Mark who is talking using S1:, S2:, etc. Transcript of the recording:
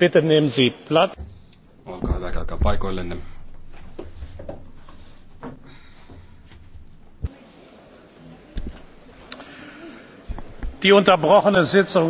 S1: Bitte nehmen Sie Platz.
S2: Olkaa hyvä, käykää paikoillenne.
S3: Die unterbrochene Sitzung